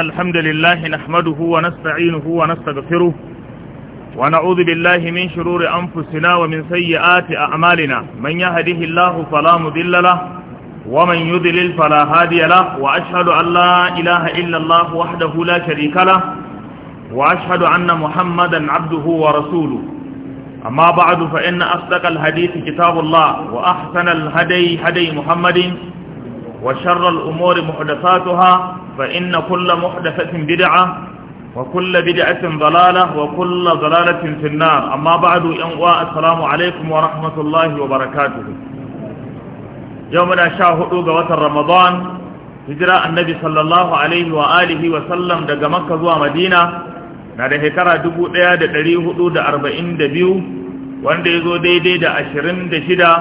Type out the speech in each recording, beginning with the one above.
الحمد لله نحمده ونستعينه ونستغفره ونعوذ بالله من شرور أنفسنا ومن سيئات أعمالنا من يهده الله فلا مضل له ومن يضلل فلا هادي له وأشهد أن لا إله إلا الله وحده لا شريك له وأشهد أن محمدا عبده ورسوله أما بعد فإن أصدق الحديث كتاب الله وأحسن الهدي هدي محمد وشر الأمور محدثاتها فإن كل محدثة بدعة وكل بدعة ضلالة وكل ضلالة في النار أما بعد ينقوى السلام عليكم ورحمة الله وبركاته يومنا شاهدوا قوات رمضان هجراء النبي صلى الله عليه وآله وسلم دق مكة ومدينة نادي هكرا دبو ايا دا تريه دا أربعين دبيو وان دا يزو دي دي دا أشرين دا شدا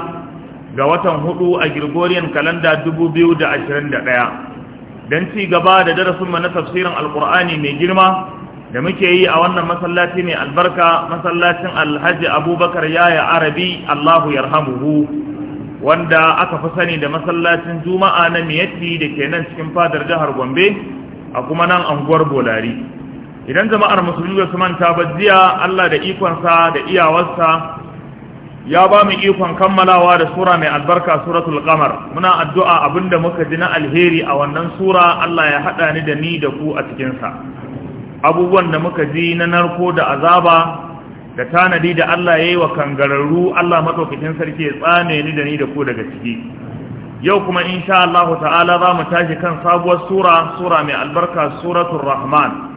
قوات هدو أجرغوريان كالندا دبو بيو دا أشرين دا ايا don ci gaba da darasinmu na tafsirin alkur'ani mai girma da muke yi a wannan masallaci mai albarka masallacin alhaji abubakar yaya arabi allahu yarhamuhu wanda aka fi sani da masallacin juma'a na miyatti da ke nan cikin fadar jihar gombe a kuma nan anguwar bolari idan jama'ar musulmi su manta ba jiya allah da ikonsa da iyawarsa ya ba mu ikon kammalawa da sura mai albarka suratul qamar muna addu'a abinda muka ji na alheri a wannan sura Allah ya hada ni da ni da ku a cikin sa abubuwan da muka ji na narko da azaba da tanadi da Allah yayi wa kangararru Allah madaukakin sarki ya tsane ni da ni da ku daga ciki yau kuma insha Allah ta'ala za mu tashi kan sabuwar sura sura mai albarka suratul rahman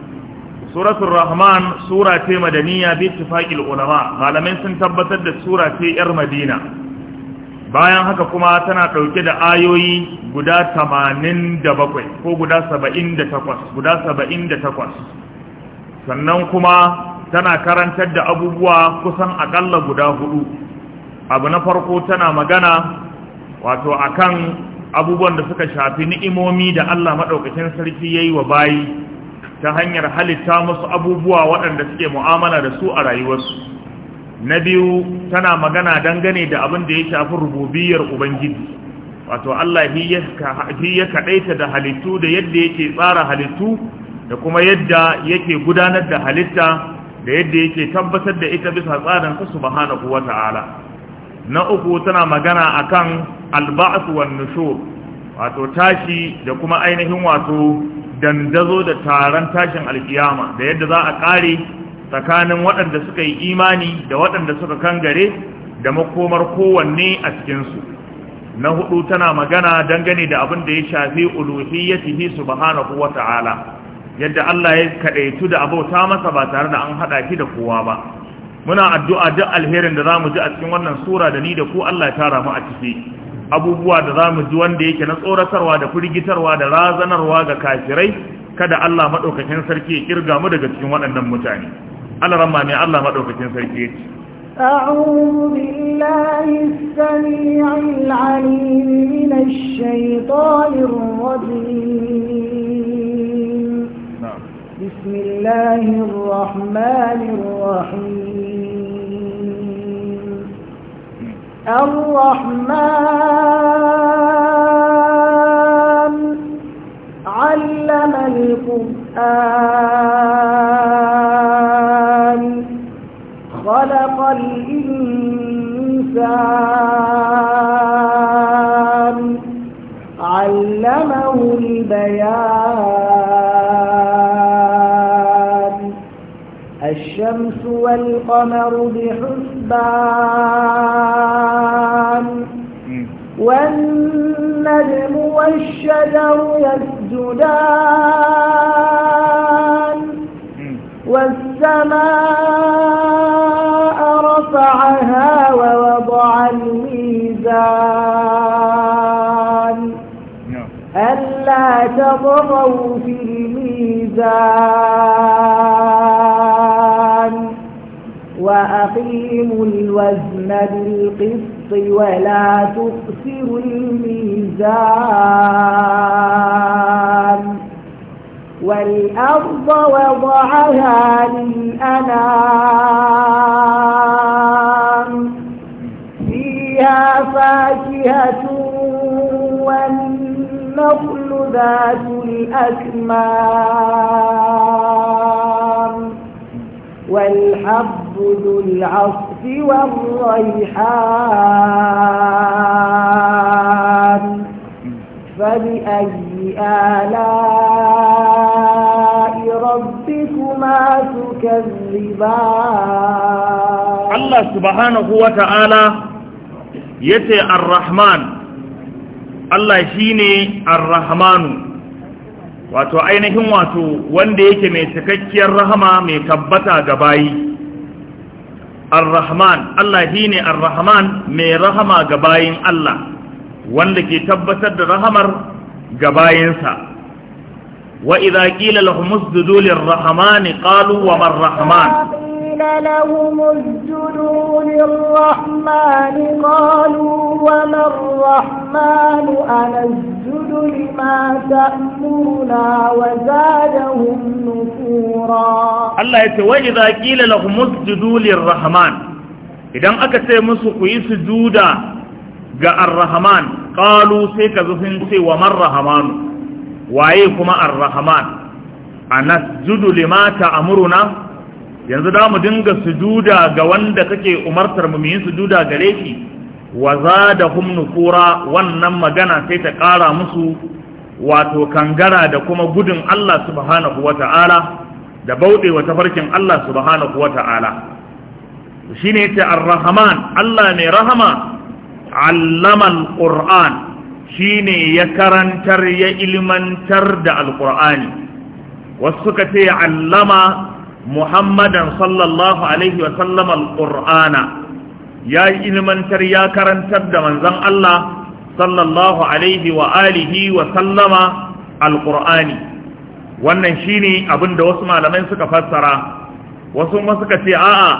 suratul rahman sura ce madaniya bi ittifaqil ulama malamin sun tabbatar da sura ce yar madina bayan haka kuma tana ɗauke da ayoyi guda 87 ko guda 78 guda 78 sannan kuma tana karantar da abubuwa kusan akalla guda hudu abu na farko tana magana wato akan abubuwan da suka shafi ni'imomi da Allah madaukakin sarki yayi wa bayi ta hanyar halitta musu abubuwa waɗanda suke mu'amala da su a rayuwarsu na biyu tana magana dangane da abin da ya shafi rububiyar ubangiji wato Allah shi ya kaɗaita da halittu da yadda yake tsara halittu da kuma yadda yake gudanar da halitta da yadda yake tabbatar da ita bisa tsarin ta subhanahu ta'ala. na uku tana magana akan alba'atu wan nushur wato tashi da kuma ainihin wato dandazo da taron tashin alkiyama da yadda za a kare tsakanin waɗanda suka yi imani da waɗanda suka kangare da makomar kowanne a cikinsu na hudu tana magana dangane da abin da ya shafi uluhiyyatihi subhanahu wata'ala yadda Allah ya kaɗaitu da abota masa ba tare da an haɗa shi da kowa ba muna addu'a duk alherin da za mu ji a cikin wannan sura da ni da ku Allah ya tara mu a ciki abubuwa da zamu ji wanda yake na tsoratarwa da firgitarwa da razanarwa ga kafirai kada Allah madaukakin sarki ya kirga mu daga cikin waɗannan mutane Allah ramma ne Allah madaukakin sarki ya ce أعوذ بالله السميع العليم من الشيطان الرجيم بسم الله الرحمن الرحيم الرحمن علم القرآن خلق الإنسان علمه البيان الشمس والقمر بحسن الحبان والنجم والشجر يسجدان والسماء رفعها ووضع الميزان ألا تطغوا في الميزان وأقيموا الوزن بالقسط ولا تخسروا الميزان والأرض وضعها للأنام فيها فاكهة والنخل ذات الأكمام والحب ذو العصف والريحان فبأي آلاء ربكما تكذبان الله سبحانه وتعالى يتي الرحمن الله شيني الرحمن wato ainihin wato wanda yake mai cikakkiyar rahama mai tabbata ga bayi ar-rahman Allah shine ar-rahman mai rahama ga bayin Allah wanda ke tabbatar da rahamar ga bayinsa wa idza qila lahum usjudu lir-rahmani qalu wa mar-rahman قيل لهم اسجدوا للرحمن قالوا وما الرحمن أنسجد لما تأمرنا وزادهم نفورا الله يتوى إذا قيل لهم اسجدوا للرحمن إذا أكثر مسكوا يسجودا جاء الرحمن قالوا سيكا زفنسي وما الرحمن وعيكما الرحمن أنسجد لما تأمرنا yanzu da mu dinga sujuda ga wanda kake umartar mu yin sujuda gare shi wa zadahum nufura wannan magana sai ta ƙara musu wato kangara da kuma gudun Allah subhanahu wata'ala da bauɗe wa tafarkin Allah subhanahu wata'ala shine yace ar Allah mai rahama allama alquran shi shine ya karantar ya ilmantar da al wasu suka ce allama muhammadan sallallahu alaihi wa sallam alqur'ana ya yi ilmantar ya karantar da manzon Allah sallallahu alaihi wa alihi wa sallama alqur'ani wannan shine abin da wasu malamai suka fassara wasu ma suka ce a'a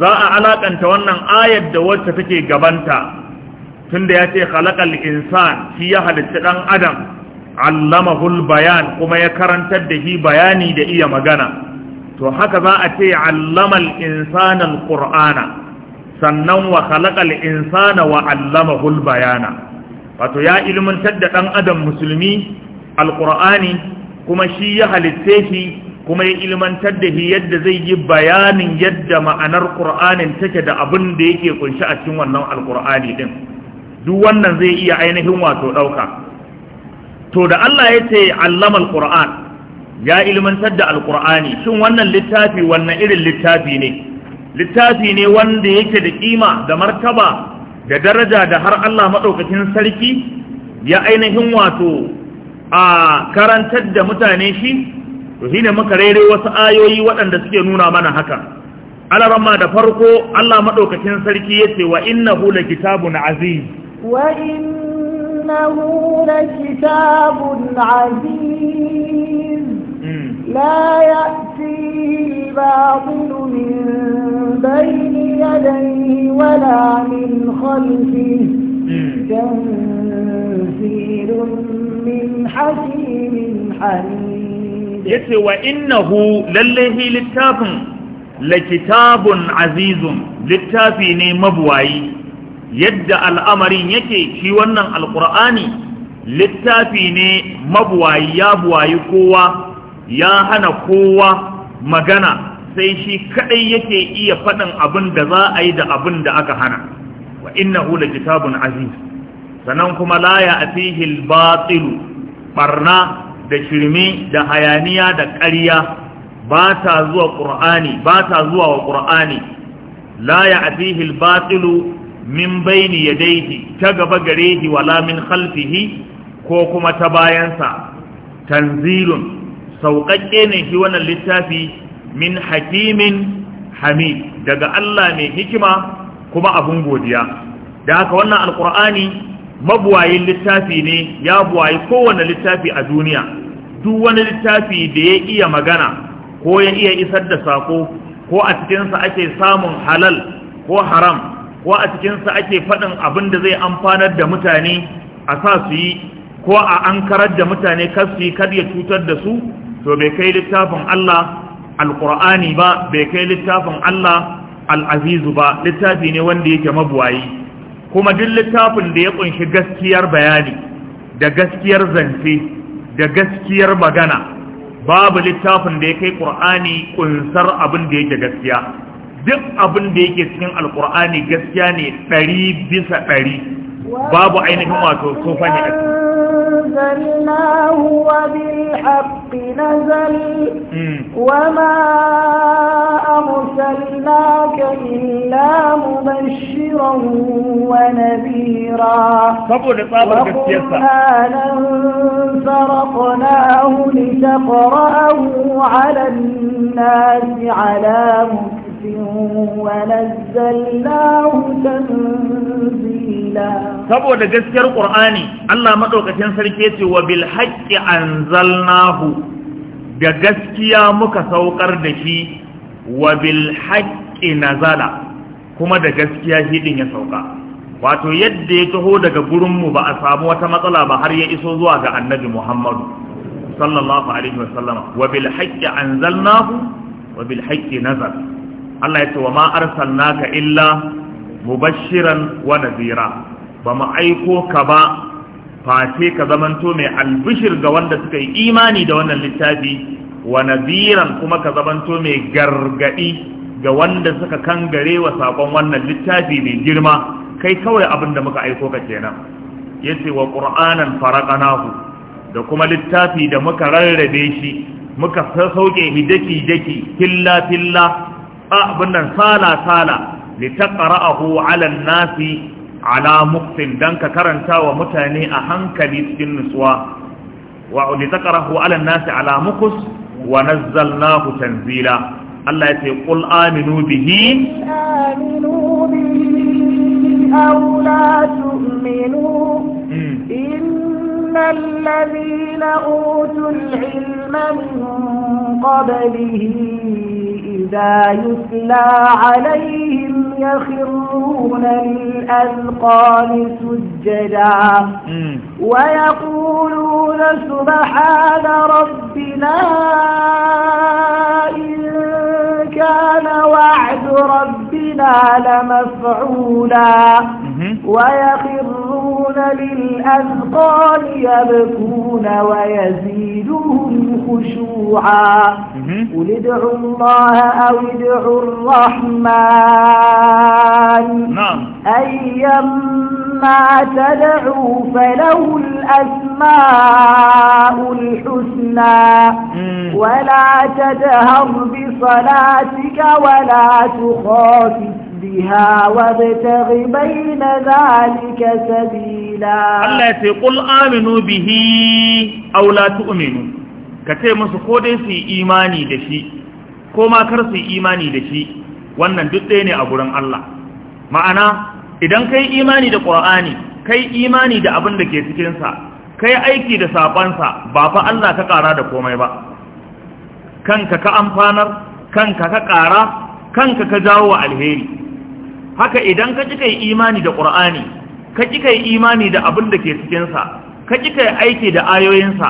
za a alakanta wannan ayar da wacce take gabanta tunda ya ce khalaqal insan shi ya halitta dan adam allamahul bayan kuma ya karantar da shi bayani da iya magana to haka za a ce allamal insanal qur'ana sannan wa khalaqal insana wa allamahul bayana wato ya ilmantar da dan adam musulmi alqur'ani kuma shi ya halitte shi kuma ya ilmantar da shi yadda zai yi bayanin yadda ma'anar qur'anin take da abin da yake kunshi a cikin wannan alqur'ani din duk wannan zai iya ainihin wato dauka to da Allah ya ce allamal qur'an ya ilmantar da alkur'ani shin wannan littafi wannan irin littafi ne littafi ne wanda yake da kima da martaba da daraja da har Allah Madaukakin sarki ya ainihin wato a karantar da mutane shi to shine muka rere wasu ayoyi waɗanda suke nuna mana haka alarama da farko Allah maɗaukacin sarki ya ce wa innahu kitabun aziz wa innahu kitabun aziz لا يأتيه الباطل من بين يديه ولا من خلفه تنزيل من حكيم حميد يتي وإنه لليه للتاب لكتاب عزيز littafi ne mabuwayi yadda al'amarin yake ci wannan alkur'ani littafi ne mabuwayi ya buwayi kowa ya hana kowa magana sai shi kadai yake iya faɗin abin da za a yi da abin da aka hana wa innahu la kitabun aziz sannan kuma la ya atihi al barna da shirme da hayaniya da ƙarya ba ta zuwa qur'ani ba ta zuwa wa qur'ani la ya atihi al-batil min bayni yadayhi ta gaba shi wala min khalfihi ko kuma ta bayansa tanzilun sauƙaƙƙe ne shi wannan littafi min hakimin hamid daga Allah mai hikima kuma abun godiya da haka wannan alkur'ani mabuwayin littafi ne ya buwayi kowane littafi a duniya duk wani littafi da ya iya magana ko ya iya isar da sako ko a cikinsa ake samun halal ko haram ko a cikinsa ake faɗin abin da zai amfanar da mutane a sa su yi ko a ankarar da mutane kar su yi kar ya cutar da su to bai kai littafin Allah Alƙur'ani ba bai kai littafin Allah al'azizu ba littafi ne wanda yake mabuwayi kuma duk littafin da ya kunshi gaskiyar bayani da gaskiyar zance da gaskiyar magana babu littafin da ya kai ƙur'ani ƙunsar abin da yake gaskiya duk abin da yake cikin alƙur'ani gaskiya ne ɗari bisa ɗari babu ainihin wato sofa ne أنزلناه وبالحق نزل وما أرسلناك إلا مبشرا ونذيرا وقرآنا فرقناه لتقرأه على الناس على مكتب خبز ونزلناه تنزيلا saboda gaskiyar qur'ani Allah madaukakin sarki yace wa bil da gaskiya muka saukar da shi wa bil nazala kuma da gaskiya hidin ya sauka wato yadda ya taho daga gurinmu ba a samu wata matsala ba har ya iso zuwa ga annabi Muhammadu sallallahu alaihi wasallama wa bil haqqi anzalnahu wa bil haqqi nazala Allah ya ce wa ma illa mubashiran wa nadhira ba mu aiko ka ba face ka zamanto mai albishir ga wanda suka yi imani da wannan littafi wa nadhiran kuma ka zamanto mai gargadi ga wanda suka kangare wa sakon wannan littafi mai girma kai kawai abin da muka aiko ka kenan yace wa qur'anan faraqnahu da kuma littafi da muka rarrabe shi muka sauke hidaki daki filla filla abin nan sala sala li taqra'ahu 'ala an-nasi ala muqtin dan ka karanta wa mutane a hankali cikin nutsuwa wa li taqra'ahu 'ala an-nasi ala muqus wa nazzalnahu tanzila Allah ya ce qul aminu bihi aminu bihi aw la tu'minu hmm. innal ladina utul ilma min qablihi إذا يتلى عليهم يخرون للأذقان سجدا ويقولون سبحان ربنا إن كان وعد ربنا لمفعولا ويخرون للأذقان يبكون ويزيدهم خشوعا قل ادعوا الله أو ادعوا الرحمن نعم أيما تدعوا فله الأسماء الحسنى ولا تجهر بصلاة امرأتك ولا تخافت بها وابتغ بين ذلك سبيلا الله يقول آمنوا به أو لا تؤمنوا كتير مسكودي في إيماني دشي كما كرسي إيماني دشي wannan duk ɗaya ne a gurin Allah ma'ana idan kai imani da ƙur'ani kai imani da abin da ke cikinsa kai aiki da saƙonsa ba fa Allah ka ƙara da komai ba kanka ka amfanar kanka ka ƙara kanka ka jawo wa alheri haka idan ka kika yi imani da ƙur'ani ka kika yi imani da abin da ke cikinsa ka kika yi aiki da ayoyinsa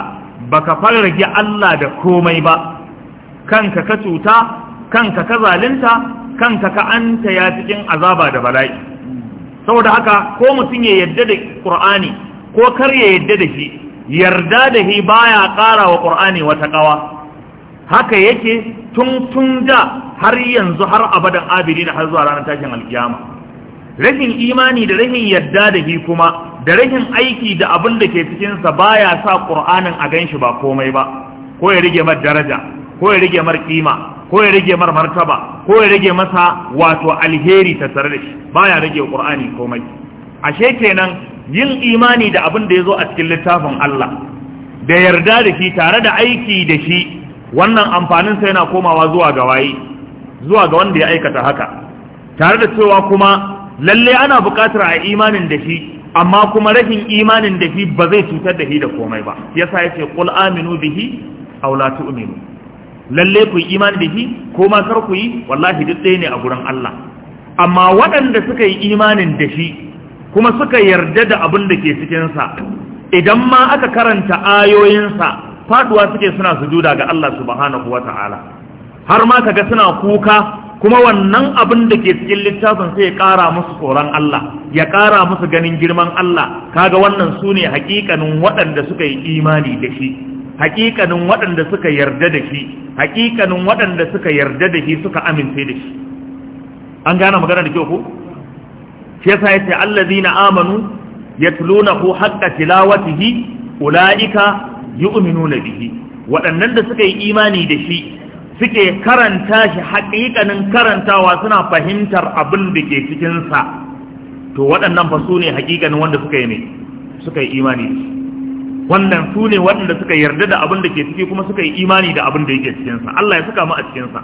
baka farrage Allah da komai ba kanka ka cuta kanka ka zalunta kanka ka anta ya cikin azaba da bala'i saboda haka ko mutum ya yarda da ƙur'ani ko kar ya yarda da shi yarda da shi baya ƙara wa ƙur'ani wata ƙawa haka yake tun tun da har yanzu har abadan da har zuwa ranar tashin alkiyama rashin imani da rashin yadda da shi kuma da rashin aiki da abin da ke cikinsa baya sa qur'anin a ganshi ba komai ba ko ya rige mar daraja ko ya rige mar kima ko ya rage mar martaba ko ya rage masa wato alheri ta tare baya rage qur'ani komai ashe kenan yin imani da abin da yazo a cikin littafin Allah da yarda da shi tare da aiki da shi wannan amfaninsa yana komawa zuwa ga waye zuwa ga wanda ya aikata haka tare da cewa kuma lalle ana buƙatar a imanin da shi amma kuma rashin imanin da shi ba zai cutar da shi da komai ba yasa yace qul aminu bihi aw la tu'minu lalle ku imani da shi ko ma kar ku yi wallahi duk ɗaya ne a gurin Allah amma waɗanda suka yi imanin da shi kuma suka yarda da abin da ke cikin sa idan ma aka karanta ayoyinsa faduwa suke suna sujuda ga Allah subhanahu ta'ala. har ma kaga suna kuka kuma wannan abin da ke cikin littafin sai ya ƙara musu tsoron Allah ya ƙara musu ganin girman Allah kaga wannan su ne hakikanin waɗanda suka yi imani da shi hakikanin waɗanda suka yarda da shi hakikanin waɗanda suka yarda da shi suka amince da shi an gane magana da kyau ko shi yasa yace allazina amanu hu haqqa tilawatihi ulaika na bihi waɗannan da suka yi imani da shi suke karanta shi haƙiƙanin karantawa suna fahimtar abin da ke cikinsa to waɗannan fa su ne haƙiƙanin wanda suka yi ne suka yi imani da shi wannan su ne waɗanda suka yarda da abin da ke ciki kuma suka yi imani da abin da yake cikinsa Allah ya suka mu a cikinsa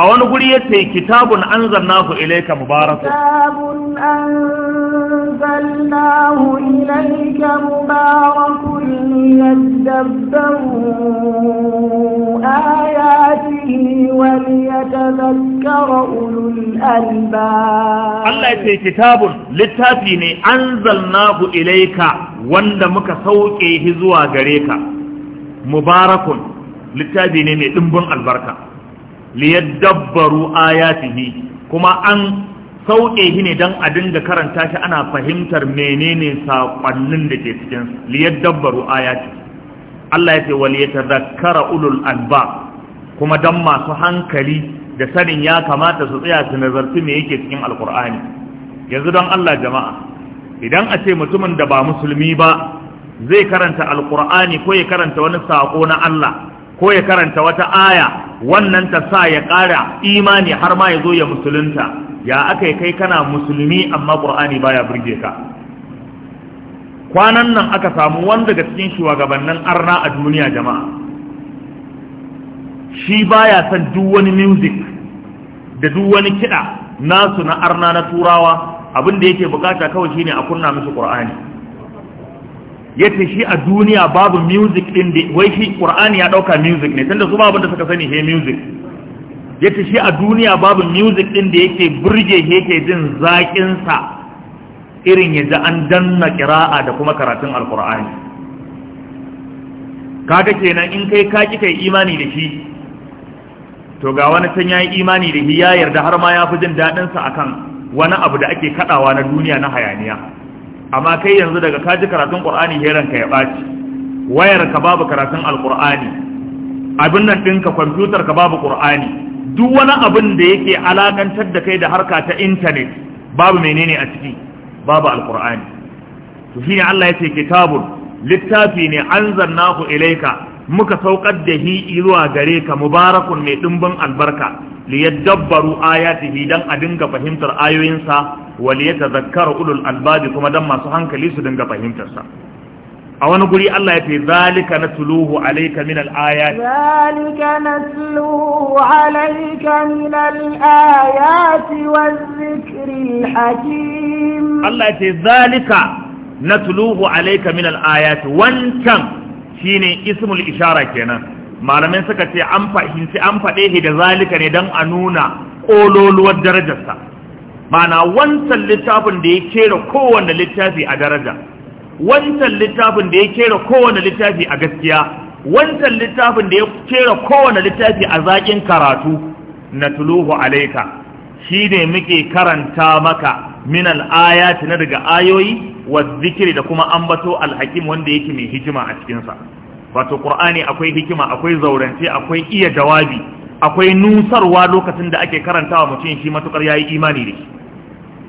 a wani guri ya ce kitabun an zanna ku ilaika mubaraku kitabun mubaraku Allah ya ce kitabun littafi ne an zanna ku ilaika wanda muka sauke shi zuwa gare ka mubarakun littafi ne mai ɗimbin albarka liyadabbaru ayatihi kuma an sauke shi ne don a dinga karanta shi ana fahimtar menene saƙonnin da ke cikin liyadabbaru ayati Allah ya ce wal ulul alba kuma don masu hankali da sanin ya kamata su tsaya su nazarci me yake cikin alkur'ani yanzu don Allah jama'a idan a ce mutumin da ba musulmi ba zai karanta alkur'ani ko ya karanta wani sako na Allah ko ya karanta wata aya wannan ta sa ya ƙara imani har ma ya zo ya musulunta ya aka yi kai kana musulmi amma ƙur'ani baya burge ka kwanan nan aka samu wanda daga cikin shugabannin arna a duniya jama'a shi baya son duk wani music da duk wani kiɗa nasu na arna na turawa abin da yake bukata kawai shine a kunna musu ƙur'ani ya shi a duniya babu music din da wai shi qur'ani ya ɗauka music ne tunda su babu da suka sani he music ya shi a duniya babu music din da yake burge he yake jin zaƙinsa irin ya ji an danna qira'a da kuma karatun alqur'ani kaga kenan in kai ka kika yi imani da shi to ga wani can yayi imani da shi ya yarda har ma ya fi jin daɗinsa sa akan wani abu da ake kaɗawa na duniya na hayaniya amma kai yanzu daga kaji karatun qur'ani heranka ya baci wayar ka babu karatun alqur'ani abin nan ɗinka kwamfutar ka babu qur'ani duk wani abin da yake alakantar da kai da harka ta intanet babu menene a ciki babu alqur'ani to shine Allah yace kitabun littafi ne anzalnahu ilayka muka saukar da hi zuwa gare ka mubarakun mai dimbin albarka liyadabbaru ayatihi dan a dinga fahimtar ayoyinsa wa liyatadhakkaru ulul albabi kuma dan masu hankali su dinga fahimtar sa a wani guri Allah ya ce zalika natluhu alayka min alayat zalika natluhu alayka min alayati waz-zikril hakim Allah ya ce zalika natluhu alayka min alayat wancan shine ismul ishara kenan malamai suka ce an fahimci an faɗe shi da zalika ne don a nuna ƙololuwar darajarsa mana wancan littafin da ya kera kowane littafi a daraja wancan littafin da ya kera kowane littafi a gaskiya wancan littafin da ya kera kowane littafi a zaƙin karatu na tuluhu alaika shi ne muke karanta maka min al-ayati na daga ayoyi wa zikiri da kuma ambato al-hakim wanda yake mai hikima a cikinsa. sa wato qur'ani akwai hikima akwai zaurance akwai iya jawabi akwai nusarwa lokacin da ake karantawa mutum shi matukar yi imani da shi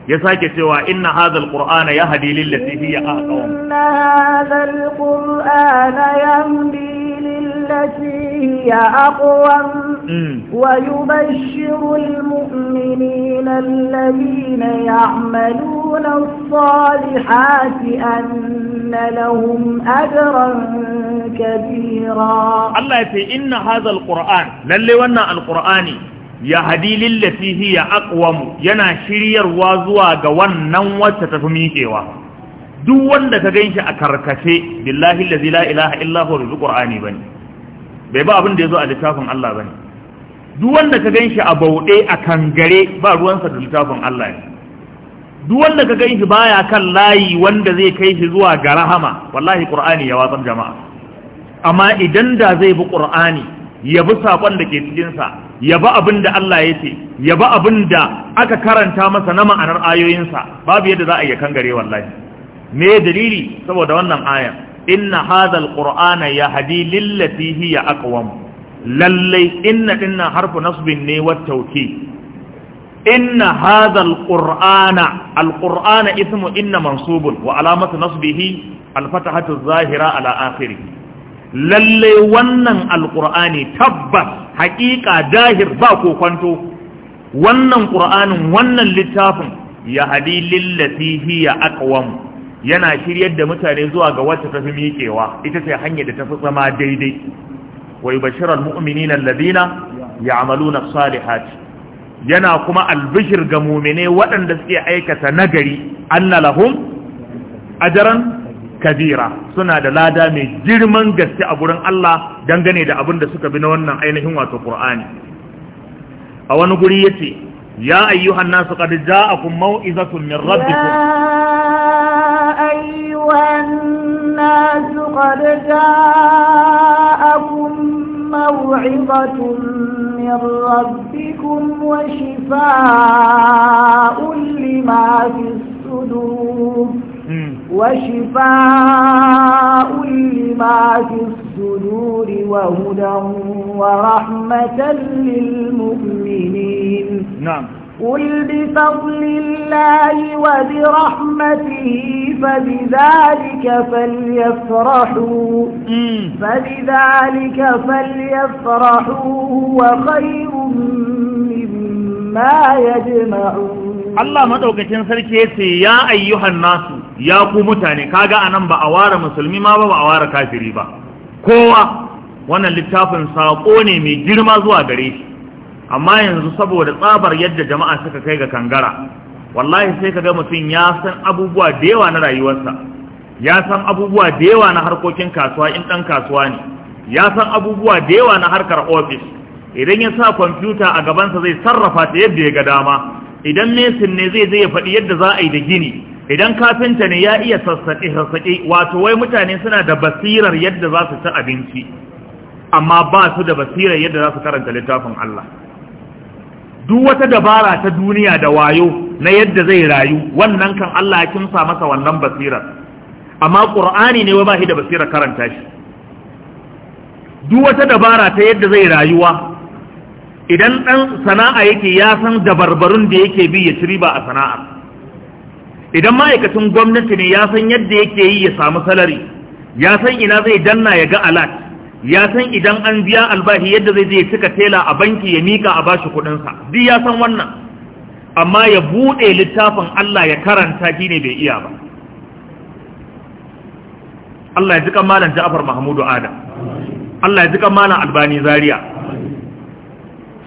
ya sake cewa inna hadhal qur'ana yahdi lil lati hiya aqwam inna hadhal qur'ana yahdi lil lati hiya aqwam wa yubashshiru al mu'minina alladhina ya'maluna as-salihati anna lahum ajran kabira Allah ya ce inna hadhal qur'an lalle wannan al-qur'ani ya hadi lillati hiya aqwam yana shiryarwa zuwa ga wannan wacce ta fi miƙewa duk wanda ka ganshi a karkace billahi allazi la ilaha illa huwa bil qur'ani bane bai ba abin da yazo a littafin Allah bane duk wanda ka ganshi a bauɗe a kangare ba ruwansa da littafin Allah ne duk wanda ka ganshi baya kan layi wanda zai kai shi zuwa ga rahama wallahi qur'ani ya watsar jama'a amma idan da zai bi qur'ani ya bi sakon da ke cikin sa yaba abin da Allah ya ce yaba abin da aka karanta masa na ma'anar ayoyinsa babu yadda za a iya kangare wallahi me dalili saboda wannan aya inna hadha alqur'ana yahdi lillati hiya aqwam lalle inna dinna harfu nasbin ne wa tawki inna hadha alqur'ana alqur'ana ismu inna mansubun wa alamatu nasbihi alfatahatu adh-dhahira ala akhirih lalle wannan alƙur'ani tabbas haƙiƙa dahir ba ko kwanto wannan Ƙur'anin, wannan littafin ya hadi lillati ya aqwam yana shiryar da mutane zuwa ga wacce tafi miƙewa ita ce hanyar da tafi zama daidai wa yubashshiral mu'minina alladhina ya'maluna as-salihati yana kuma albishir ga mumine waɗanda suke aikata nagari anna lahum ajran kabira suna da lada mai girman gaske a gurin Allah dangane da abin da suka bi na wannan ainihin wato Qur'ani a wani guri yace ya ayyuhan nasu qad ja'akum mau'izatun min rabbikum ayyuhan nasu qad ja'akum موعظة من ربكم وشفاء لما في الصدور وشفاء لما في الصدور وهدى ورحمة للمؤمنين نعم قل بفضل الله وبرحمته فبذلك فليفرحوا فبذلك فليفرحوا وخير مما يجمعون Allah madaukakin sarki yace ya ayyuhan nasu ya ku mutane kaga anan ba a ware musulmi ma ba a ware kafiri ba kowa wannan littafin saƙo ne mai girma zuwa gare shi amma yanzu saboda tsabar yadda jama'a suka kai ga kangara wallahi sai ka ga mutum ya san abubuwa da yawa na rayuwarsa ya san abubuwa da yawa na harkokin kasuwa in dan kasuwa ne ya san abubuwa da yawa na harkar ofis idan ya sa kwamfuta a gabansa zai sarrafa ta yadda ya ga dama idan mesin ne zai zai faɗi yadda za a yi da gini idan kafinta ne ya iya sassaƙe-sassaƙe wato wai mutane suna da basirar yadda za su ci abinci amma ba su da basirar yadda za su karanta littafin Allah duk wata dabara ta duniya da wayo na yadda zai rayu wannan kan Allah ya kimsa masa wannan basirar amma qur'ani ne ba shi da basirar karanta shi duk wata dabara ta yadda zai rayuwa idan dan sana'a yake ya san dabarbarun da yake bi ya ci a sana'a. idan ma'aikacin gwamnati ne ya san yadda yake yi ya samu salari ya san ina zai danna ya ga alat ya san idan an biya albashi yadda zai je cika tela a banki ya mika a bashi kudinsa duk ya san wannan amma ya bude littafin Allah ya karanta shi ne bai iya ba Allah ya jika malam Ja'far Mahmudu Adam Allah ya jika malam Albani Zaria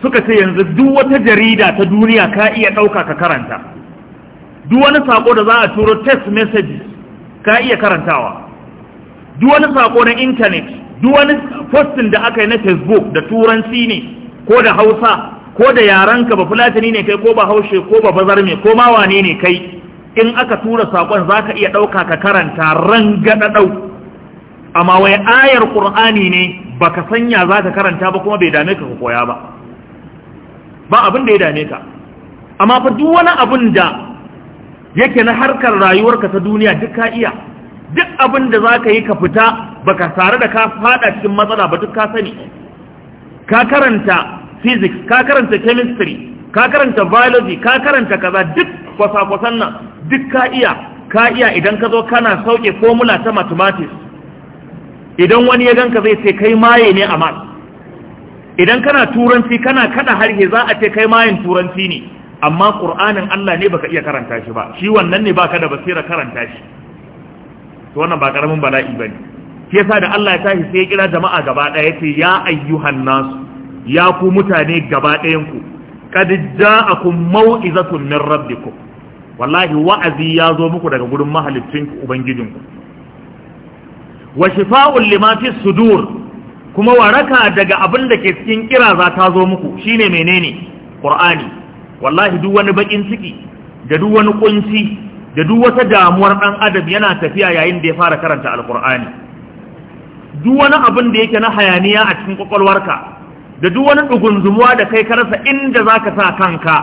suka ce yanzu duk wata jarida ta duniya ka iya ɗauka ka karanta duk wani sako da za a turo text messages ka iya karantawa duk wani sako na intanet duk wani postin da aka yi na facebook da turanci ne ko da hausa ko da ka ba fulatani ne kai ko ba haushe ko ba bazar me ko ma wane ne kai in aka tura sakon za ka iya ɗauka ka karanta rangaɗaɗau amma wai ayar ƙur'ani ne ba ka sanya za ka karanta ba kuma bai dame ka ka koya ba ba abin da ya dame ka amma fa duk wani abin da yake na harkar rayuwarka ta duniya duk ka iya duk abin da za ka yi ka fita baka tare da ka fada cikin matsala ba duk ka sani ka karanta physics ka karanta chemistry ka karanta biology ka karanta kaza duk kwasa-kwasan nan duk ka iya ka iya idan ka zo kana sauke formula ta mathematics idan wani ya ganka zai ce kai maye ne a math idan kana turanci kana kada harshe za a ce kai mayen turanci ne amma ƙur'anin Allah ne baka iya karanta shi ba shi wannan ne baka da basira karanta shi to wannan ba karamin bala'i bane shi yasa da Allah ya tashi sai ya kira jama'a gaba daya yace ya ayyuhan nas ya ku mutane gaba dayan ku kad ja'akum mau'izatun min rabbikum wallahi wa'azi ya zo muku daga gurin mahaliccin ubangijinku wa shifa'un lima fi sudur kuma waraka daga abin da ke cikin kiraza ta zo muku shine menene qur'ani wallahi duk wani bakin ciki da duk wani kunci da duk wata damuwar ɗan adam yana tafiya yayin da ya fara karanta alkur'ani duk wani abin da yake na hayaniya a cikin kwakwalwarka da duk wani dugunzumuwa da kai karasa inda za ka sa kanka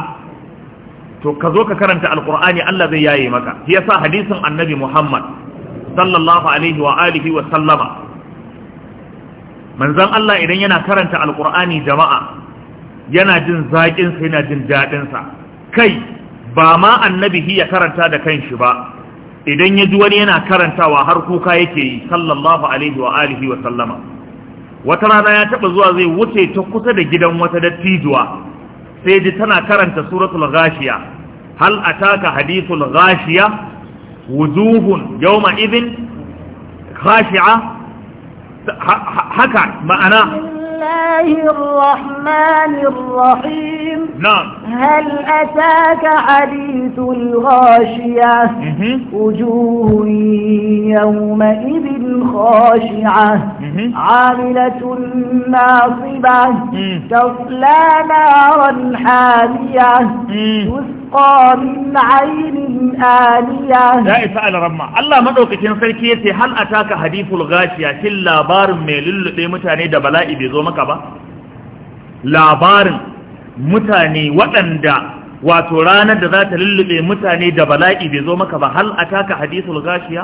to ka zo ka karanta alkur'ani Allah zai yaye maka shi yasa hadisin annabi Muhammad sallallahu alaihi wa alihi wa sallama manzon Allah idan yana karanta alkur'ani jama'a yana jin zaƙin sa yana jin daɗin sa kai ba ma annabi ya karanta da kanshi ba idan ya ji wani yana karantawa har kuka yake yi sallallahu alaihi wa alihi wa sallama wata rana ya taba zuwa zai wuce ta kusa da gidan wata dattijuwa sai ji tana karanta suratul ghashiya hal ataka hadithul ghashiya wujuhun yawma idhin khashi'a haka ma'ana الله الرحمن الرحيم نعم هل أتاك حديث الغاشية وجوه يومئذ خاشعة عاملة ناصبة تصلى نارا حامية تسقى من عين آنية لا إسأل رمى الله مدوكتين سركي يسي هل labarin mai الغاشية mutane da bala'i bai zo maka ba? Labarin mutane waɗanda wato ranar da za ta lullube mutane da bala'i bai zo maka ba hal ataka hadithul gashiya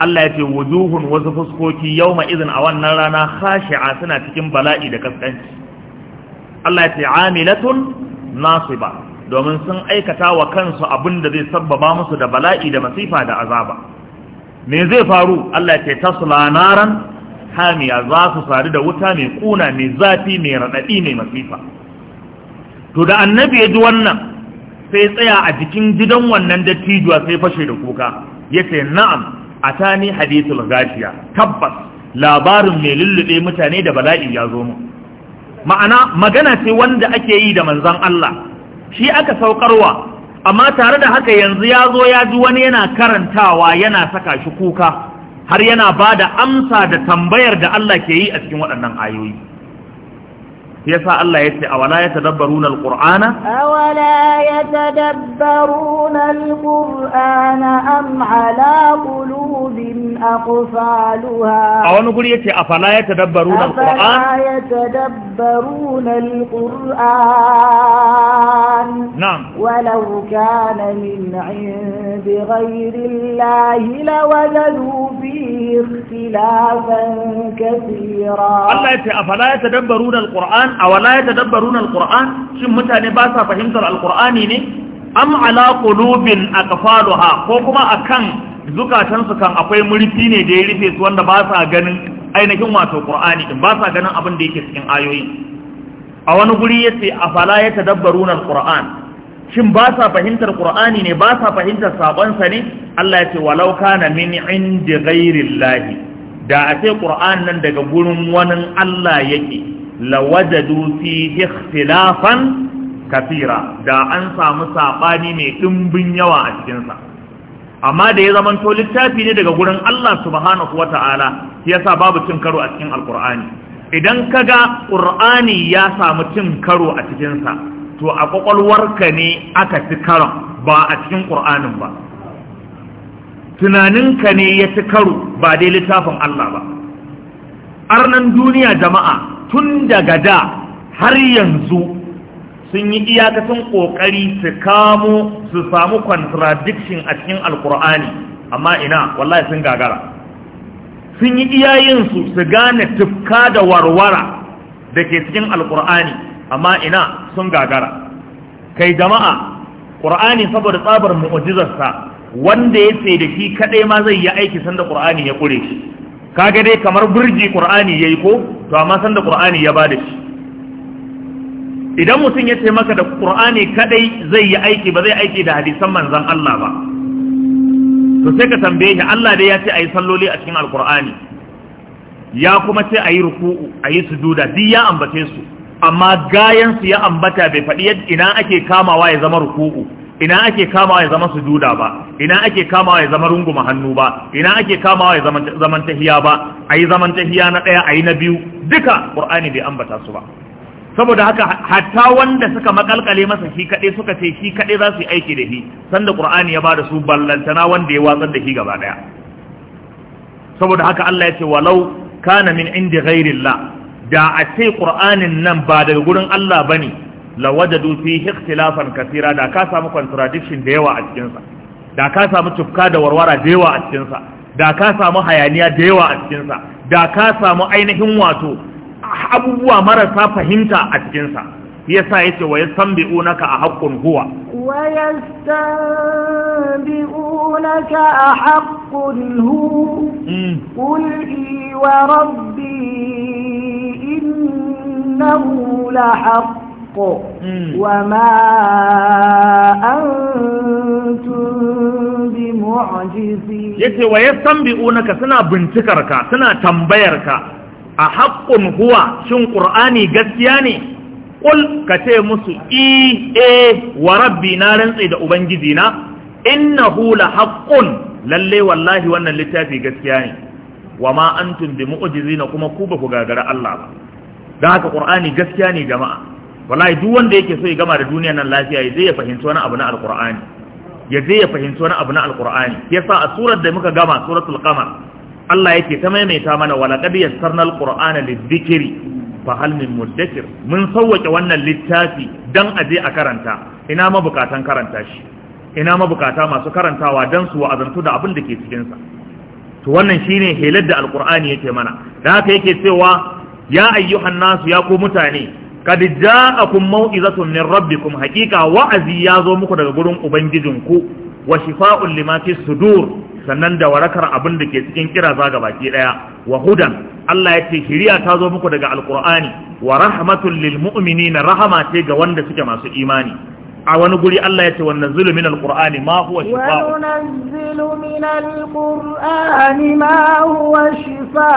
Allah ya ce wujuhun wasu fuskoki yauma izin a wannan rana khashi'a suna cikin bala'i da kaskanci Allah ya ce amilatun nasiba domin sun aikata wa kansu abin da zai sabbaba musu da bala'i da masifa da azaba me zai faru Allah ke tasla naran hamiya za su sadu da wuta mai kuna mai zafi mai raɗaɗi mai masifa to da annabi ya ji wannan sai tsaya a jikin gidan wannan dattijuwa sai fashe da kuka yace na'am atani hadithul gashiya tabbas labarin mai lullube mutane da bala'i ya zo mu ma'ana magana ce wanda ake yi da manzon Allah shi aka saukarwa amma tare da haka yanzu ya zo ya ji wani yana karantawa yana saka shi kuka har yana ba da amsa da tambayar da Allah ke yi a cikin waɗannan ayoyi yasa Allah ya ce awala ya tadabbaruna alqur'ana awala ya tadabbaruna alqur'ana am ala a wani guri yace afala ya afala ya tadabbaruna alqur'an na'am walau kana Allah ya ce afala ya a wala ya tadabbaruna alquran shin mutane ba sa fahimtar alqurani ne am ala qulubin aqfaluha ko kuma akan zukatan su kan akwai murfi ne da ya rufe su wanda ba sa ganin ainihin wato qur'ani din ba sa ganin abin da yake cikin ayoyi a wani guri yace afala ya tadabbaruna alquran shin ba sa fahimtar qur'ani ne ba sa fahimtar sabon sa ne Allah ya ce walau kana min indi ghairillahi da a ce qur'an nan daga gurin wani Allah yake lawajadu fi ikhtilafan kafira da an samu sabani mai dimbin yawa a cikinsa. amma da ya zaman littafi ne daga gurin Allah subhanahu wata'ala yasa babu cin karo a cikin alqur'ani idan kaga qur'ani ya samu cin karo a cikinsa, to a kwakwalwarka ne aka ci karon ba a cikin qur'anin ba tunaninka ne ya ci karo ba dai littafin Allah ba arnan duniya jama'a tun daga da har yanzu sun yi iyakacin kokari su kamo su samu contradiction a cikin alkur'ani amma ina wallahi sun gagara sun yi iyayensu su gane tufka da warwara da ke cikin alkur'ani amma ina sun gagara kai jama'a ƙur'ani saboda tsabar mu'ujizarsa wanda ya ce da shi kaɗai ma zai yi aiki sanda ƙur'ani ya ƙure shi kaga dai kamar birgi qur'ani yayi ko to amma san da qur'ani ya bada shi idan mutum ya ce maka da qur'ani kadai zai yi aiki ba zai aiki da hadisan manzon Allah ba to sai ka tambaye shi Allah dai ya ce ayi salloli a cikin alqur'ani ya kuma ce ayi ruku'u ayi sujuda duk ya ambace su amma gayan su ya ambata bai faɗi ina ake kamawa ya zama ruku'u ina ake kamawa ya zama sujuda ba ina ake kamawa ya zama runguma hannu ba ina ake kamawa ya zaman tahiya ba ayi zaman tahiya na daya ayi na biyu duka qur'ani bai ambata su ba saboda haka hatta wanda suka makalkale masa shi kaɗai suka ce shi kaɗai za su yi aiki da shi sanda Kur'ani ya bada su ballantana wanda ya watsar da shi gaba ɗaya saboda haka Allah ya ce walau kana min indi ghairillah da a ce ƙur'anin nan ba daga gurin Allah bane lawajadu fihi ikhtilafan kathira da ka samu contradiction da yawa a cikin sa da ka samu tufka da warwara da yawa a cikin sa da ka samu hayaniya da yawa a cikin sa da ka samu ainihin wato abubuwa marasa fahimta a cikin sa yasa yace wa yastanbi'unaka a haqqun huwa wa yastanbi'unaka a haqqun hu mm. qul wa rabbi innahu la haqq haƙo wa ma'antun bi mu'ajizi ya ce wa suna ka suna tambayarka a haƙon huwa shin ƙur'ani gaskiya ne Kul ka ce musu ie wa rabbi na rantsi da ubangiji na inna hula haƙon lalle wallahi wannan littafi gaskiya ne wa ma'antun bi mu'ajizi na kuma ku ba ku gagara Allah ba da haka ƙur'ani gaskiya ne jama'a wallahi duk wanda yake so ya gama da duniyar nan lafiya ya zai ya fahimci wani abu na alqur'ani ya zai ya fahimci wani abu na alqur'ani yasa a surar da muka gama suratul qamar Allah yake ta maimaita mana walaqad yassarna alqur'ana lidhikri fa hal min mun sawwake wannan littafi dan aje a karanta ina mabukatan karanta shi ina mabukata masu karantawa dan su wa'azantu da abin da ke cikin sa to wannan shine helar da alqur'ani yake mana da haka yake cewa ya ayyuhan nasu ya ku mutane kad ja'akum mau'izatun min rabbikum haqiqa wa'azi ya zo muku daga gurin ubangijinku wa shifa'un lima fi sudur sannan da warakar abin da ke cikin za ga baki daya wa hudan Allah ya ce shiriya ta zo muku daga alqur'ani wa rahmatul lil mu'minina rahama ce ga wanda suke masu imani a wani guri Allah ya ce wannan zulu min ma huwa shifa wannanzilu min al ma huwa shifa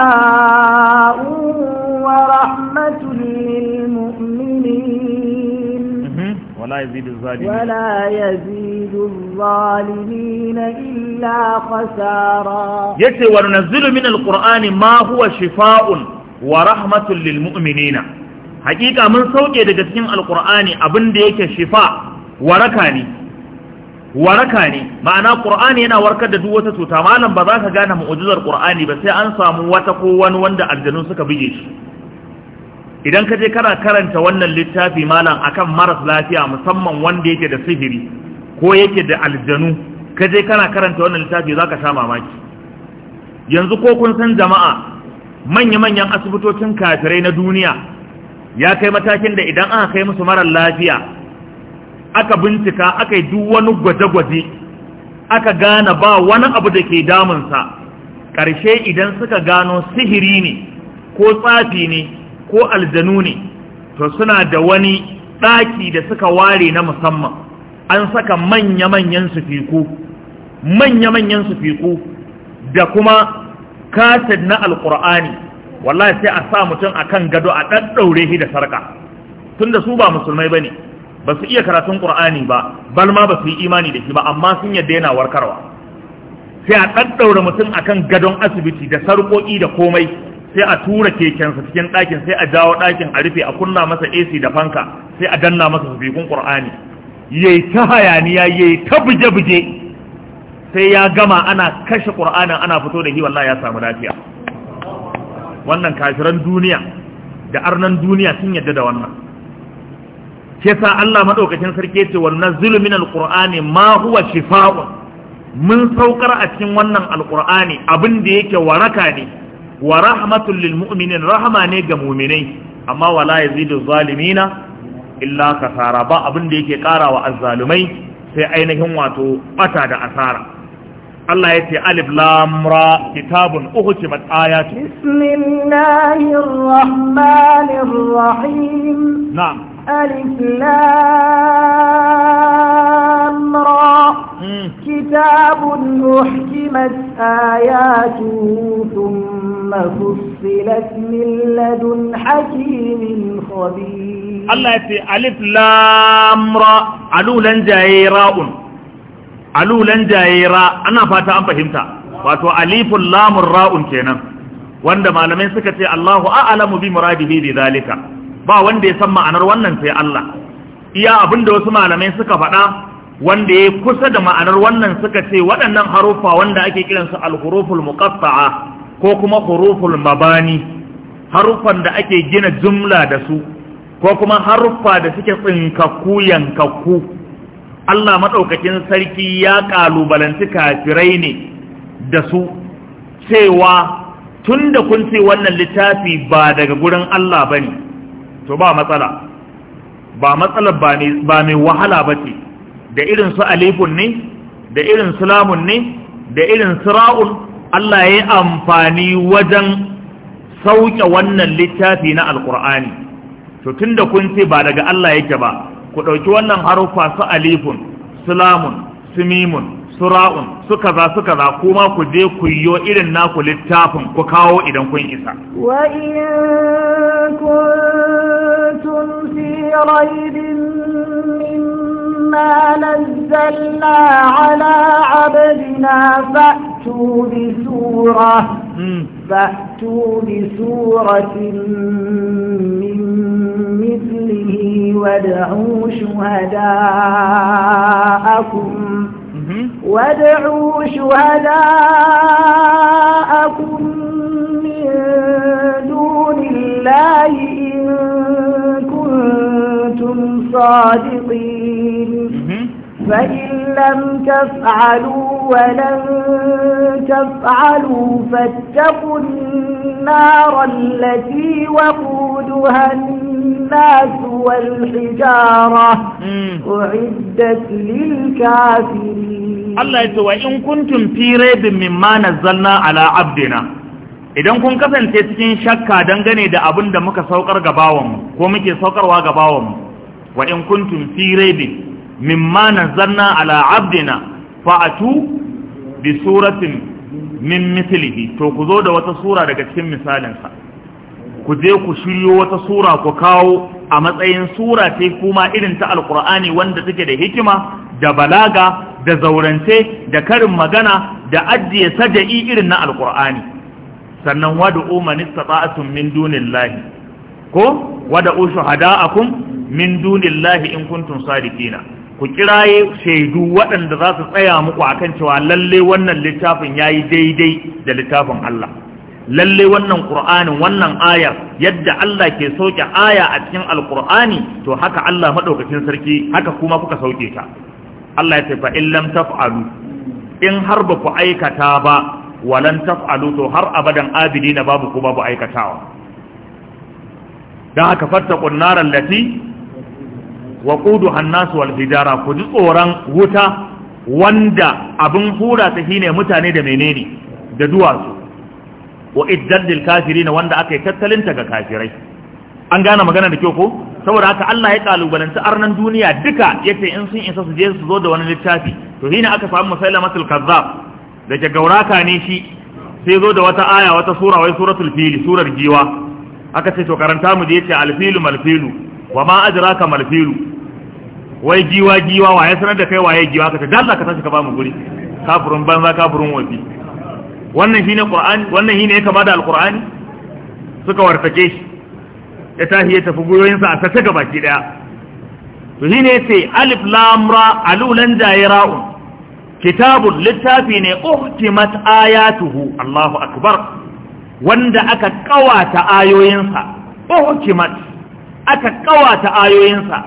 wa rahmatun lil mu'minin wala yazidu zalimin wala yazidu zalimin illa khasara yace wannanzilu min al-Qur'ani ma huwa shifa'un wa rahmatun lil mu'minin mhm. mun sauƙe daga cikin al abin da yake shifa waraka ne waraka ne ma'ana qur'ani yana warkar da duk wata cuta malam ba za ka gane mu'jizar qur'ani ba sai an samu wata ko wani wanda aljanu suka bige shi idan ka je kana karanta wannan littafi malam akan maras lafiya musamman wanda yake da sihiri ko yake da aljanu ka je kana karanta wannan littafi zaka sha mamaki yanzu ko kun san jama'a manya-manyan asibitocin kafirai na duniya ya kai matakin da idan aka kai musu mara lafiya aka bincika aka yi duk wani gwaje-gwaje aka gane ba wani abu da ke damunsa ƙarshe idan suka gano sihiri ne ko tsafi ne ko aljanu ne to suna da wani ɗaki da suka ware na musamman an saka manya-manyan sufiku manya-manyan sufiku da kuma kasid na alkur'ani wallahi sai a sa mutum a kan gado a ɗaɗɗaure shi da sarka da su ba musulmai ba ne ba su iya karatun qur'ani ba bal ma ba su yi imani da shi ba amma sun yadda yana warkarwa sai a ɗaɗɗaura mutum akan gadon asibiti da sarƙoƙi da komai sai a tura kekensa cikin ɗakin sai a jawo ɗakin a rufe a kunna masa AC da fanka sai a danna masa sufikun Qur'ani yayi ta hayaniya yayi ta buje-buje sai ya gama ana kashe ƙur'anin ana fito da shi wallahi ya samu lafiya wannan kafiran duniya da arnan duniya sun yadda da wannan shi yasa Allah madaukakin sarki yace wal nazzilu minal qur'ani ma huwa shifaa'un mun saukar a cikin wannan alqur'ani abin da yake waraka ne wa rahmatul lil mu'minin rahama ne ga mu'minai amma wala yazidu zalimina illa kasara ba abin da yake wa azzalumai sai ainihin wato bata da asara allah yace ألف لام را كتاب أختمت آياته بسم الله الرحمن الرحيم ألف لام را كتاب أحكمت آياته ثم فصلت من لدن حكيم خبير الله يتي ألف لام را علولا جايراء علولا جايراء أنا فاتا أم فهمتا واتو ألف لام راء كينا وعندما malamai suka الله أعلم بمراده bi ba wanda ya san ma'anar wannan sai Allah iya abinda wasu malamai suka faɗa wanda ya kusa da ma'anar wannan suka ce waɗannan harufa wanda ake kiransu alhuruful muqatta'a ko kuma huruful mabani harufan da ake gina jumla da su ko kuma haruffa da suke tsinkakku yankakku Allah maɗaukakin sarki ya ƙalubalanci kafirai ne da su cewa tunda da kun ce wannan littafi ba daga gurin Allah bane to ba matsala ba matsala ba mai wahala ba ce da irin su alifun ne da irin su lamun ne da irin su ra'un Allah ya yi amfani wajen sauke wannan littafi na alkur'ani to tunda kun ce ba daga Allah yake ba ku ɗauki wannan haruffa su alifun su lamun su mimun sura'un suka kaza suka za kuma ku je ku yo irin naku littafin ku kawo idan kun isa wa in kuntum fi raibin mimma nazzalna ala abdina fa'tu bi surah فأتوا بسورة من مثله وادعوا شهداءكم وادعوا شهداءكم من دون الله إن كنتم صادقين فإن لم تفعلوا ولن تفعلوا فاتقوا النار التي وقودها الناس الناس والحجارة أعدت للكافرين الله يتوى إن كنتم في ريب مما نزلنا على عبدنا idan kun kasance cikin shakka dangane da abin da muka saukar ga ko muke saukarwa ga bawanmu wa in kuntum fi raibin mimma ala abdina fa'atu bi suratin min mithlihi to ku zo da wata sura daga cikin misalinsa ku je ku shiryo wata sura ku kawo a matsayin sura ce kuma irin ta alkur'ani wanda take da hikima da balaga da zaurance da karin magana da ajiye sada'i irin na alkur'ani sannan wada'u man istata'tum min dunillahi ko wada'u shuhada'akum min dunillahi in kuntun sadiqina ku kiraye shaidu waɗanda za su tsaya muku akan cewa lalle wannan littafin ya yi daidai da littafin Allah lalle wannan ƙur'anin wannan ayar yadda Allah ke sauke aya a cikin alƙur'ani to haka Allah maɗaukacin sarki haka kuma kuka sauke ta Allah ya ce fa illam taf'alu in har ba ku aikata ba walan taf'alu to har abadan abidina babu ku babu aikatawa dan haka fattaqun nar allati waquduha an-nas wal hijara ku ji tsoron wuta wanda abin hura ta shine mutane da menene da duwatsu wa kafiri na wanda aka yi tattalinta ga kafirai an gane magana da kyau ko saboda haka Allah ya kalubalanci arnan duniya duka yace in sun isa su je su zo da wani littafi to hina aka samu musailamatul kazzab da ke gauraka ne shi sai zo da wata aya wata sura wai suratul fili surar giwa aka ce to karanta mu da yace alfilu malfilu wa ma adraka malfilu wai giwa giwa waye sanar da kai waye giwa ka ta dalla ka tashi ka ba mu guri Kafurun banza kafurun wafi wannan shine qur'ani wannan shine ya kama da alqur'ani suka warfake shi ya tafi ya tafi goyon sa a sace ga baki daya to shine sai alif lam ra alulan jayra'un kitabun littafi ne uhtimat ayatuhu Allahu akbar wanda aka kawata ayoyinsa uhtimat aka kawata ayoyinsa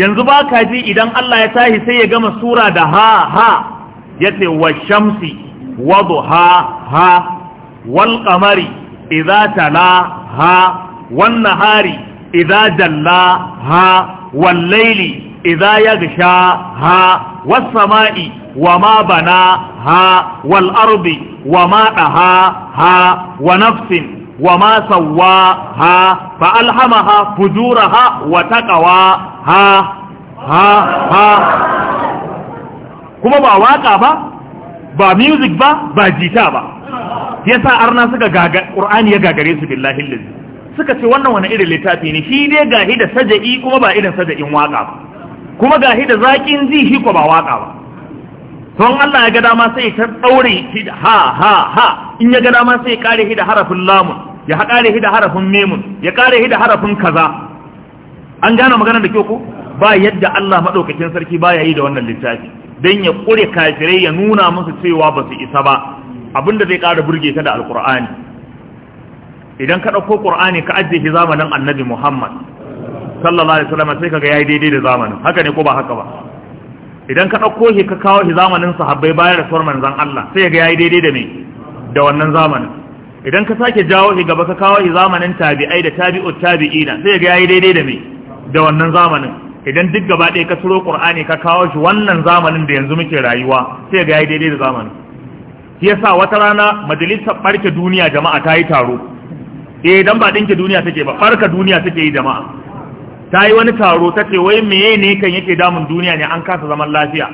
yanzu ba ji idan Allah ya tahi sai ya gama sura da ha ha yace wa shamsi وضحاها والقمر إذا تلاها والنهار إذا جلاها والليل إذا يغشاها والسماء وما بناها والأرض وما أهاها ونفس وما سواها فألهمها فجورها وتقواها ha ha kuma ba waka ba ba music ba ba jita ba yasa arna suka gaga qur'ani ya gagare su billahi lillahi suka ce wannan wani irin littafi ne shi dai gahi da saja'i kuma ba irin saja'in waka ba kuma gahi da zakin ji shi ko ba waka ba don Allah ya ga dama sai ta daure shi ha ha ha in ya ga dama sai ya kare shi da harafin lamun ya kare shi da harafin memun ya kare shi da harafin kaza an gane maganar da kyau ko ba yadda Allah madaukakin sarki baya yi da wannan littafi don ya kure kafirai ya nuna musu cewa ba su isa ba abinda zai ƙara burge ka da alkur'ani idan ka ɗauko ƙur'ani ka ajiye shi zamanin annabi muhammad sallallahu alaihi wasallam sai kaga yayi daidai da zamanin haka ne ko ba haka ba idan ka ɗauko shi ka kawo shi zamanin sahabbai bayan rasuwar manzon Allah sai kaga yayi daidai da me da wannan zamanin idan ka sake jawo shi gaba ka kawo shi zamanin tabi'ai da tabi'ut tabi'ina sai kaga yayi daidai da me da wannan zamanin idan duk gaba ɗaya ka turo ƙur'ani ka kawo shi wannan zamanin da yanzu muke rayuwa sai ga ya daidai da zamanin shi yasa wata rana majalisar barke duniya jama'a ta yi taro eh dan ba ɗinke duniya take ba barka duniya take yi jama'a ta yi wani taro ta ce wai me ne kan yake damun duniya ne an kasa zaman lafiya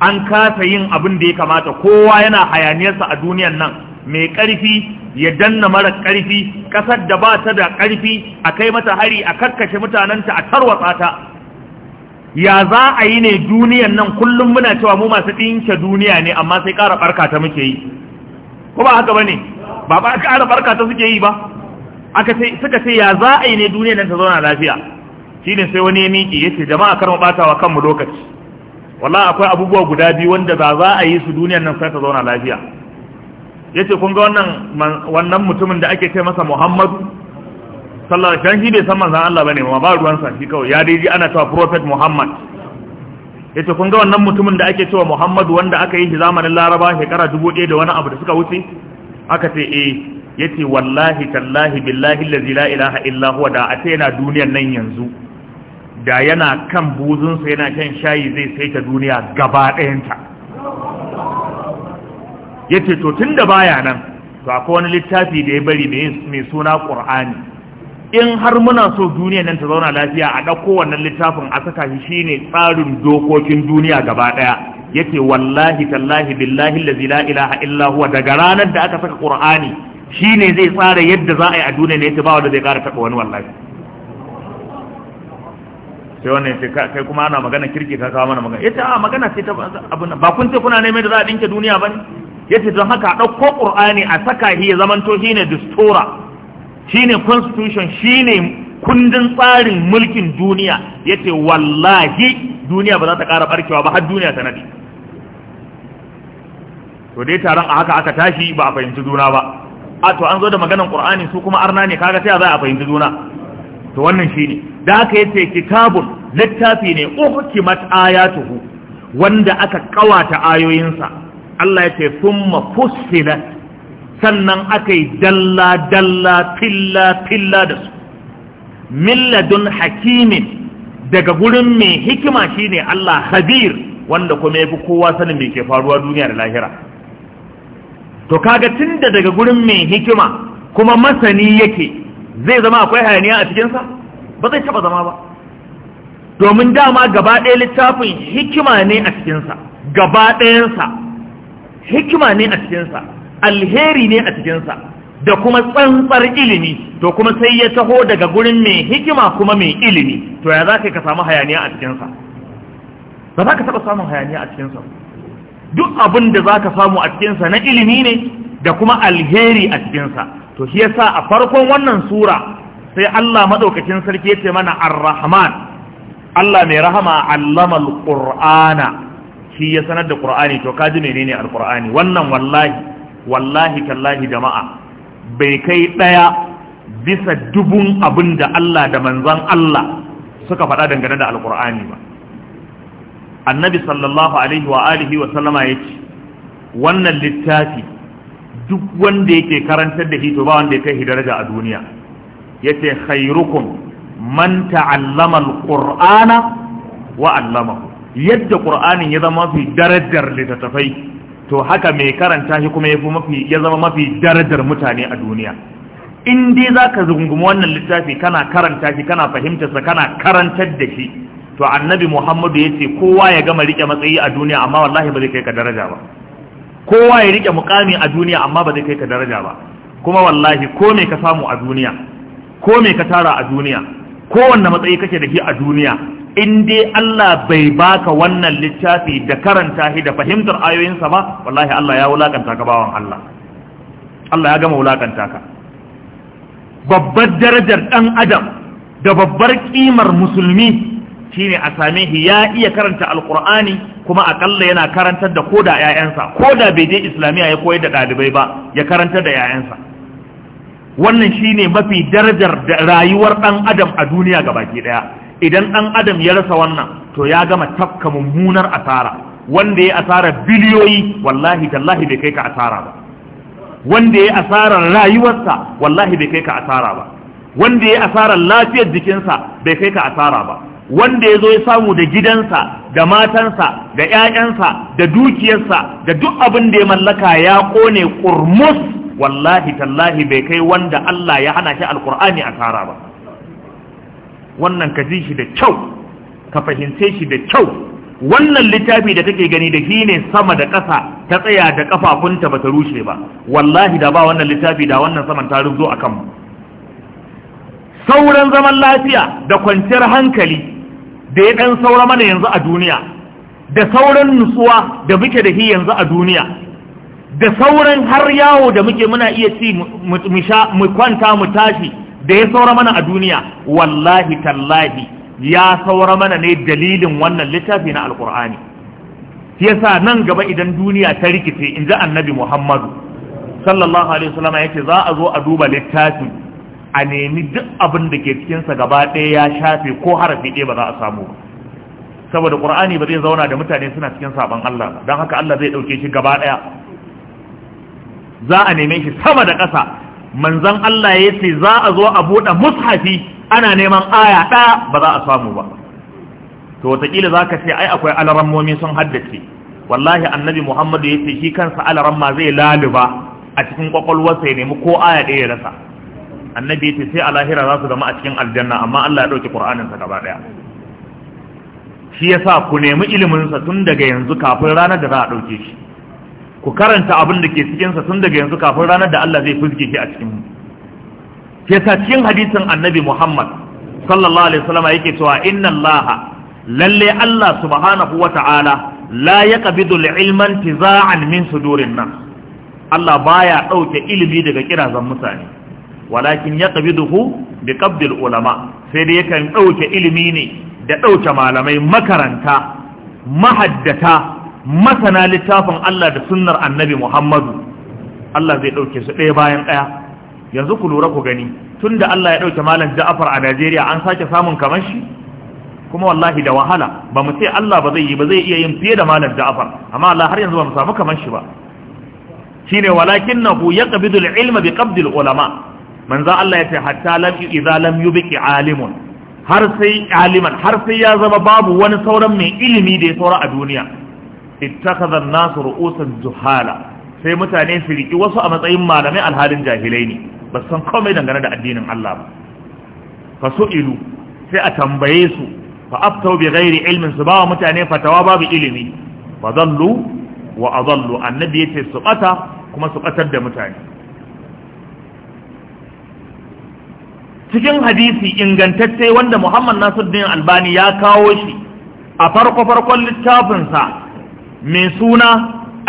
an kasa yin abin da ya kamata kowa yana hayaniyarsa a duniyan nan mai ƙarfi ya danna mara ƙarfi ƙasar da ba ta da ƙarfi a kai mata hari a kakkashe mutanenta a tarwatsa ta ya za a yi ne duniyan nan kullum muna cewa mu masu ɗinke duniya ne amma sai ƙara barka ta muke yi ko ba haka ba ne ba ba ƙara barka ta suke yi ba suka ce ya za a yi ne duniyan nan ta zauna lafiya shi sai wani ya miƙe ya ce jama'a kar mu ɓata wa kanmu lokaci wallahi akwai abubuwa guda biyu wanda ba za a yi su duniyan nan sai ta zauna lafiya ya kun ga wannan mutumin da ake ce masa muhammadu sallallahu alaihi wasallam shi bai san manzon Allah bane ba ruwan sa shi kawai ya dai ana cewa prophet Muhammad yace kun ga wannan mutumin da ake cewa Muhammad wanda aka yi shi zamanin Laraba shekara 1000 da wani abu da suka wuce aka ce eh yace wallahi tallahi billahi allazi la ilaha illa huwa da a ce yana duniyar nan yanzu da yana kan buzunsa yana kan shayi zai saita duniya gaba ɗayanta ya to tun da baya nan to akwai wani littafi da ya bari mai suna ƙur'ani in har muna so duniya nan ta zauna lafiya a ɗauko wannan littafin a saka shi shine tsarin dokokin duniya gaba ɗaya yace wallahi tallahi billahi lazi la ilaha illa huwa daga ranar da aka saka qur'ani shine zai tsara yadda za a yi a duniya ne yace ba wanda zai ƙara taɓa wani wallahi sai wannan sai kai kuma ana magana kirki ka kawo mana magana yace a magana sai ta abin ba kun ce kuna neman da za a dinke duniya bane yace don haka a ɗauko qur'ani a saka shi ya zamanto shine distora shine constitution shine kundin tsarin mulkin duniya yace wallahi duniya ba za ta kara barkewa ba har duniya ta nade to dai taron a haka aka tashi ba a fahimci juna ba a to an zo da maganar qur'ani su kuma arna ne kaga sai za a fahimci juna to wannan shine da aka yace kitabun littafi ne uhkimat ayatuhu wanda aka kawata ayoyinsa Allah yace thumma fussilat sannan aka yi dalla dalla filla filla da su milladun hakimin daga gurin mai hikima shine Allah Habir, wanda kuma ya fi kowa sanin me ke faruwa duniya da lahira to kaga tunda daga gurin mai hikima kuma masani yake zai zama akwai hayaniya a cikinsa ba zai taba zama ba domin dama gaba ɗaya littafin hikima ne a cikinsa gaba ɗayansa hikima ne a cikinsa alheri ne a cikinsa da kuma tsantsar ilimi to kuma sai ya taho daga gurin mai hikima kuma mai ilimi to ya za ka samu hayaniya a cikinsa ba za ka taɓa samun hayaniya a cikinsa duk abin da za ka samu a cikinsa na ilimi ne da kuma alheri a cikinsa to shi yasa a farkon wannan sura sai Allah maɗaukacin sarki ya ce mana ar-rahman Allah mai rahama allama al-qur'ana shi ya sanar da qur'ani to kaji menene al-qur'ani wannan wallahi wallahi tallahi jama'a bai kai ɗaya bisa dubun abin da Allah da manzan Allah suka faɗa dangane da alkur'ani ba annabi sallallahu alaihi wa alihi wa sallama ya ce wannan littafi duk wanda yake karantar da hito ba wanda ya kai daraja a duniya ya ce khairukum man ta'allama alqur'ana wa 'allamahu yadda ƙur'anin ya zama fi darajar littattafai to haka mai karanta shi kuma ya zama mafi darajar mutane a duniya in dai za ka zungumi wannan littafi kana karanta shi kana fahimtarsa kana karantar da shi to annabi muhammadu ya ce kowa ya gama rike matsayi a duniya amma wallahi ba zai kai ka daraja ba kowa ya rike mukami a duniya amma ba zai kai ka daraja ba kuma wallahi ko me ka samu a duniya ko me ka tara a duniya kowanne matsayi kake da shi a duniya in dai Allah bai baka wannan littafi da karanta shi da fahimtar ayoyinsa ba wallahi Allah ya wulakanta ka bawan Allah Allah ya gama wulakanta ka babbar darajar dan adam da babbar kimar musulmi shine a same shi ya iya karanta alqur'ani kuma akalla yana karantar da koda ƴaƴansa. koda bai dai islamiya ya koyar da dalibai ba ya karantar da ƴaƴansa. wannan shine mafi darajar da rayuwar dan adam a duniya gabaki daya idan ɗan adam ya rasa wannan to ya gama tafka mummunar asara wanda ya asara biliyoyi wallahi tallahi bai kai ka asara ba wanda ya asarar rayuwarsa wallahi bai kai ka asara ba wanda ya asara lafiyar jikinsa bai kai ka asara ba wanda ya zo ya samu da gidansa da matansa da 'ya'yansa da dukiyarsa da duk abin da ya mallaka ya kone ƙurmus wallahi tallahi bai kai wanda Allah ya hana shi alƙur'ani asara ba wannan ka ji shi da kyau ka fahimce shi da kyau wannan littafi da kake gani da shi ne sama da ƙasa ta tsaya da kafafunta ba ta rushe ba wallahi da ba wannan littafi da wannan saman ta rubzo a kanmu sauran zaman lafiya da kwanciyar hankali da ya ɗan saura mana yanzu a duniya da sauran nutsuwa da muke da shi yanzu a duniya da sauran har yawo da muke muna iya ci mu kwanta mu tashi da ya saura mana a duniya wallahi tallahi ya saura mana ne dalilin wannan littafi na alkur'ani yasa nan gaba idan duniya ta rikice in ji annabi muhammadu sallallahu alaihi wasallam ce za a zo a duba littafin a nemi duk abin da ke cikinsa gaba ɗaya ya shafe ko harafi ɗaya ba za a samu ba saboda qur'ani ba zai zauna da mutane suna cikin saban Allah don haka Allah zai dauke shi gaba ɗaya za a neme shi sama da ƙasa Manzan Allah ya ce za a zo a buɗe mushafi ana neman aya ɗaya ba za a samu ba to wataƙila za ka ce ai akwai alarammomi sun haddace wallahi annabi muhammadu ya ce shi kansa alaramma zai laluba a cikin kwakwalwarsa ya nemi ko aya ɗaya ya rasa annabi ya ce sai a lahira za su zama a cikin aljanna amma allah ya ɗauki ƙur'aninsa gaba ɗaya shi ya sa ku nemi iliminsa tun daga yanzu kafin ranar da za a ɗauke shi ku karanta abin da ke cikinsa tun daga yanzu kafin ranar da Allah zai fuske shi a cikin mu ke sa cikin hadisin annabi Muhammad sallallahu alaihi wasallam yake cewa inna Allah lalle Allah subhanahu ta'ala, la yaqbidu al-ilman tiza'an min sudurin nas Allah baya dauke ilimi daga kirazan mutane walakin yaqbiduhu bi qabdil ulama sai dai yakan dauke ilimi ne da dauke malamai makaranta mahaddata masana littafin Allah da sunnar annabi Muhammadu Allah zai ɗauke su ɗaya bayan ɗaya yanzu ku lura ku gani tun da Allah ya ɗauke malam Ja'far a Najeriya an sake samun kamar shi kuma wallahi da wahala ba mu ce Allah ba zai yi ba zai iya yin fiye da malam Ja'afar. amma Allah har yanzu ba mu samu kamar shi ba shine walakinahu yaqbidu al-ilma bi ƙabdil ulama manzo Allah ya ce hatta lam idza lam yubqi alimun har sai aliman har sai ya zama babu wani sauran mai ilimi da ya saura a duniya ittakhadha an-nas ru'usan sai mutane su riki wasu a matsayin malamai alhalin jahilai ne ba san komai dangane da addinin Allah ba fa ilu sai a tambaye su fa aftau bi ghairi ilmin su bawa mutane fatawa babu ilimi fa dallu wa adallu annabi yace su bata kuma su batar da mutane cikin hadisi ingantacce wanda Muhammad Nasiruddin Albani ya kawo shi a farko-farkon littafinsa mai suna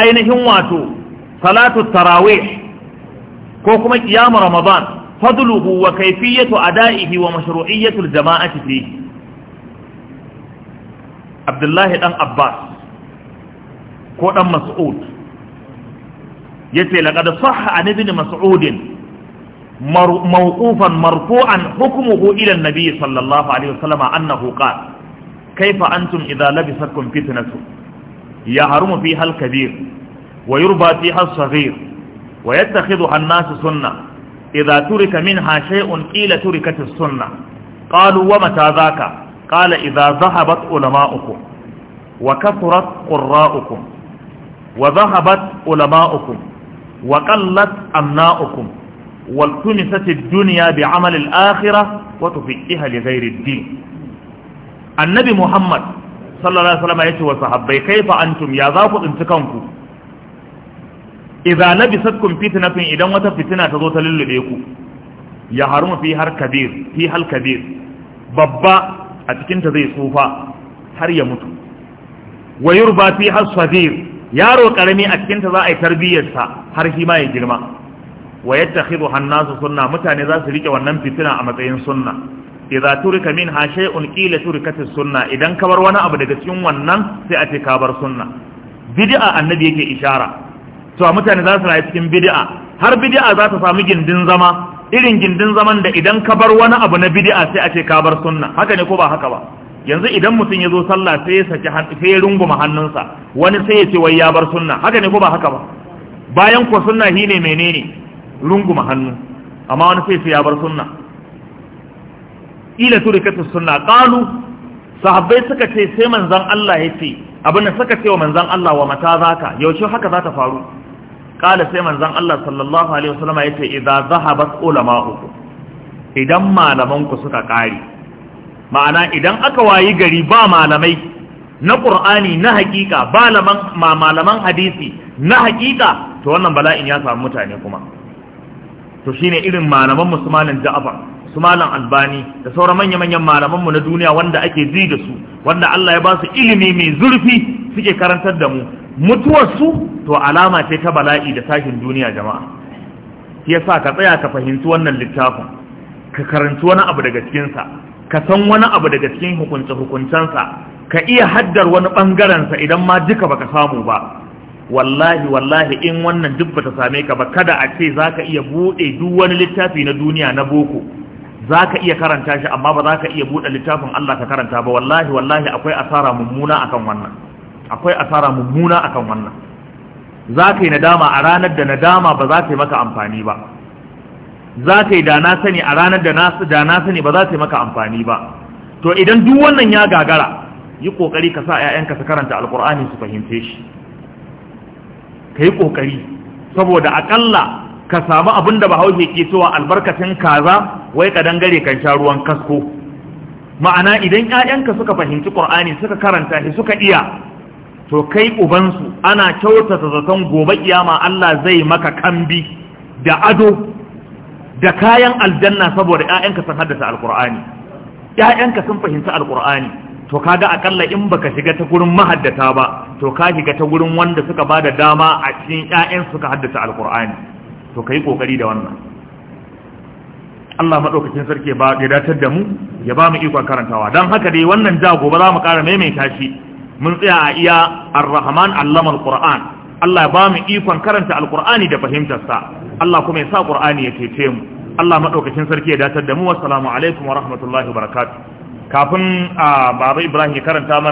ainihin wato salatu tarawe ko kuma kiyamu ramadan fadluhu wa kaifiyatu ada'ihi wa mashru'iyyatu al-jama'ati fihi Abdullahi dan Abbas ko dan Mas'ud yace laqad sahha an ibn mas'udin mawqufan marfu'an hukmuhu ila an-nabi sallallahu alaihi wasallam annahu qala kayfa antum idha labisakum fitnatun يحرم فيها الكبير ويربى فيها الصغير ويتخذها الناس سنة إذا ترك منها شيء قيل تركت السنة قالوا ومتى ذاك قال إذا ذهبت علماؤكم وكثرت قراؤكم وذهبت علماؤكم وقلت أمناؤكم والتمست الدنيا بعمل الآخرة وتفئها لغير الدين النبي محمد sallallahu alaihi wasallam yace wa sahabbai kaifa antum ya za ku tsinci kanku idza labisatkum fitnatun idan wata fitina ta zo ta lullube ku ya fi har kabir fi hal kabir babba a cikin ta zai tsufa har ya mutu wa yurba fi har sadir yaro karami a cikin ta za a yi tarbiyyarsa har shi ma ya girma wa yattakhidhu hannasu sunna mutane za su rike wannan fitina a matsayin sunna idza turika minha shay'un qila turikatis sunna idan kabar wani abu daga cikin wannan sai a ce ka bar sunna bid'a annabi yake ishara to mutane za su rayu cikin bid'a har bid'a za ta samu gindin zama irin gindin zaman da idan kabar wani abu na bid'a sai a ce ka bar sunna haka ne ko ba haka ba yanzu idan mutum ya zo sallah sai ya saki sai ya runguma hannunsa wani sai ya ce wai ya bar sunna haka ne ko ba haka ba bayan ko sunna shine menene runguma hannu amma wani sai ya bar sunna ila turikatu sunna qalu sahabbai suka ce sai manzon Allah ya ce abin suka ce wa manzon Allah wa mata zaka yaushe haka za ta faru qala sai manzon Allah sallallahu alaihi wasallam ya ce idza zahabat ulama'ukum idan malaman ku suka kare ma'ana idan aka wayi gari ba malamai na qur'ani na hakika ba malaman malaman hadisi na hakika to wannan bala'in ya samu mutane kuma to shine irin malaman musulmanin Ja'far su malam albani da sauran manya-manyan malamanmu na duniya wanda ake ji da su wanda Allah ya ba su ilimi mai zurfi suke karantar da mu mutuwar su to alama ce ta bala'i da tashin duniya jama'a shi yasa ka tsaya ka fahimci wannan littafin ka karanci wani abu daga cikinsa ka san wani abu daga cikin hukunce-hukuncensa ka iya haddar wani bangaren sa idan ma duka baka samu ba wallahi wallahi in wannan duk bata same ka ba kada a ce zaka iya buɗe duk wani littafi na duniya na boko za ka iya karanta shi amma ba za ka iya buɗe littafin Allah ka karanta ba wallahi wallahi akwai asara mummuna akan wannan akwai asara mummuna akan wannan za ka yi nadama a ranar da nadama ba za ta yi maka amfani ba za ka yi da na sani a ranar da na sani ba za ta yi maka amfani ba to idan duk wannan ya gagara yi kokari ka sa ƴaƴanka su karanta alkur'ani su fahimce shi ka yi kokari saboda akalla ka samu abin da bahaushe ke cewa albarkacin kaza wai ka dangare kan sha ruwan kasko ma'ana idan ƴaƴanka suka fahimci qur'ani suka karanta shi suka iya to kai ubansu ana kyautata zaton gobe kiyama Allah zai maka kambi da ado da kayan aljanna saboda ƴaƴanka sun haddasa alqur'ani ƴaƴanka sun fahimci alqur'ani to kaga akalla in baka shiga ta gurin mahaddata ba to ka shiga ta gurin wanda suka bada dama a cikin ƴaƴan suka haddasa alqur'ani to kai kokari da wannan Allah madaukakin sarki ya datar da mu ya ba mu ikon karantawa Don haka dai wannan ja gobe za mu ƙara maimaita shi mun tsaya a iya ar-rahman allama al-qur'an ba mu ikon karanta al-qur'ani da fahimtarsa Allah kuma ya sa qur'ani ya cece mu Allah madaukakin sarki ya datar da mu wassalamu alaikum wa rahmatullahi wa barakatuh kafin ah, baba Ibrahim ya karanta mana